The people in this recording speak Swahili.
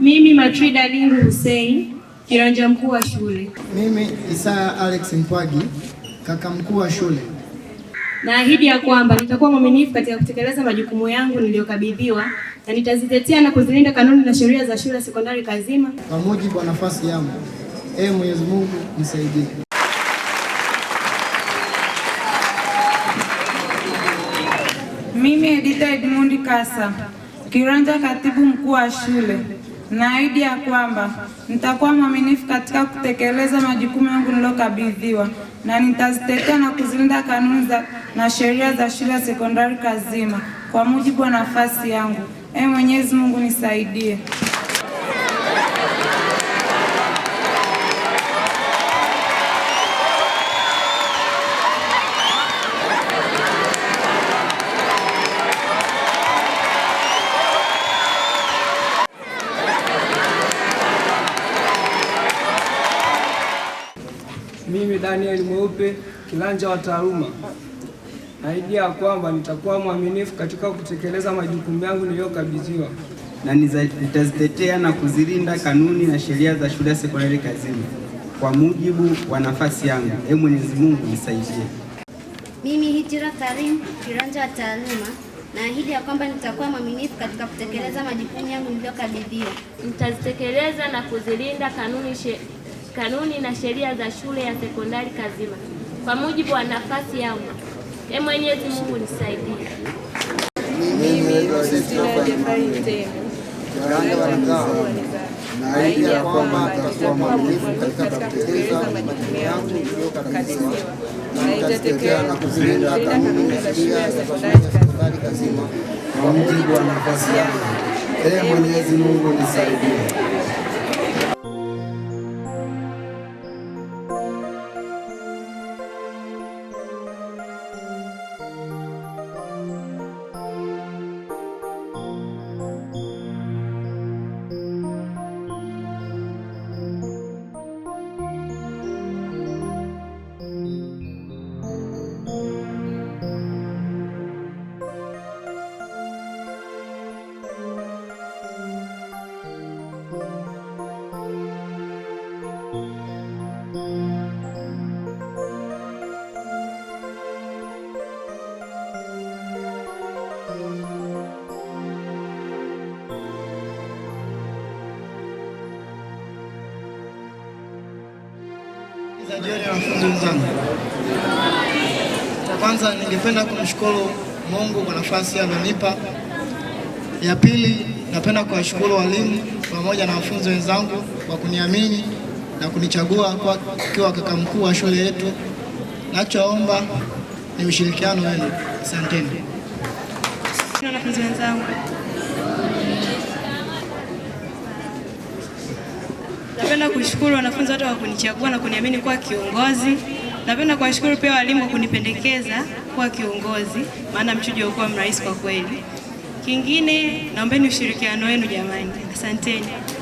Mimi Matrida Lingu Hussein, kiranja mkuu wa shule. Mimi Isaya Alex Mpwagi, kaka mkuu wa shule. Naahidi ya kwamba nitakuwa mwaminifu katika kutekeleza majukumu yangu niliyokabidhiwa na nitazitetea na kuzilinda kanuni na sheria za shule sekondari Kazima kwa mujibu wa nafasi yangu. Ee Mwenyezi Mungu nisaidie. Mimi Edita Edmundi Kasa Kiranja, katibu mkuu wa shule, naahidi ya kwamba nitakuwa mwaminifu katika kutekeleza majukumu yangu nilokabidhiwa na nitazitetea na kuzilinda kanuni za na sheria za shule sekondari Kazima kwa mujibu wa nafasi yangu. Ee Mwenyezi Mungu nisaidie. mimi Daniel Mweupe Kilanja wa Taaluma, naahidi ya kwamba nitakuwa mwaminifu katika kutekeleza majukumu yangu niliyokabidhiwa na nitazitetea na kuzilinda kanuni na sheria za shule ya sekondari kazini kwa mujibu wa nafasi yangu. Ee Mwenyezi Mungu nisaidie. Mimi Hijira Karim Kiranja wa Taaluma naahidi ya kwamba nitakuwa mwaminifu katika kutekeleza majukumu yangu niliyokabidhiwa. Nitazitekeleza na kuzilinda kanuni she kanuni na sheria za shule ya sekondari Kazima kwa mujibu wa nafasi yangu. E Mwenyezi Mungu nisaidie. Mimi naahidi ya kwamba nitakuwa mwaminifu katika kutekeleza majukumu yangu iliyokamilishwa na nitatetea na kuzilinda kanuni na sheria za shule ya sekondari Kazima kwa mujibu wa nafasi yangu. Ee Mwenyezi Mungu nisaidie. za jioni wanafunzi wenzangu, kwa kwanza ningependa kumshukuru Mungu kwa nafasi amenipa. Ya pili, napenda kuwashukuru walimu pamoja na wanafunzi wenzangu kwa kuniamini na kunichagua kiwa kaka mkuu wa shule yetu. Nachoomba ni ushirikiano wenu. Asanteni wanafunzi wenzangu. Napenda kushukuru wanafunzi wote wa kunichagua na kuniamini kuwa kiongozi. Napenda kuwashukuru pia walimu kwa kunipendekeza kuwa kiongozi, maana mchujo haukuwa mrahisi kwa kweli. Kingine, naombeni ushirikiano wenu jamani, asanteni.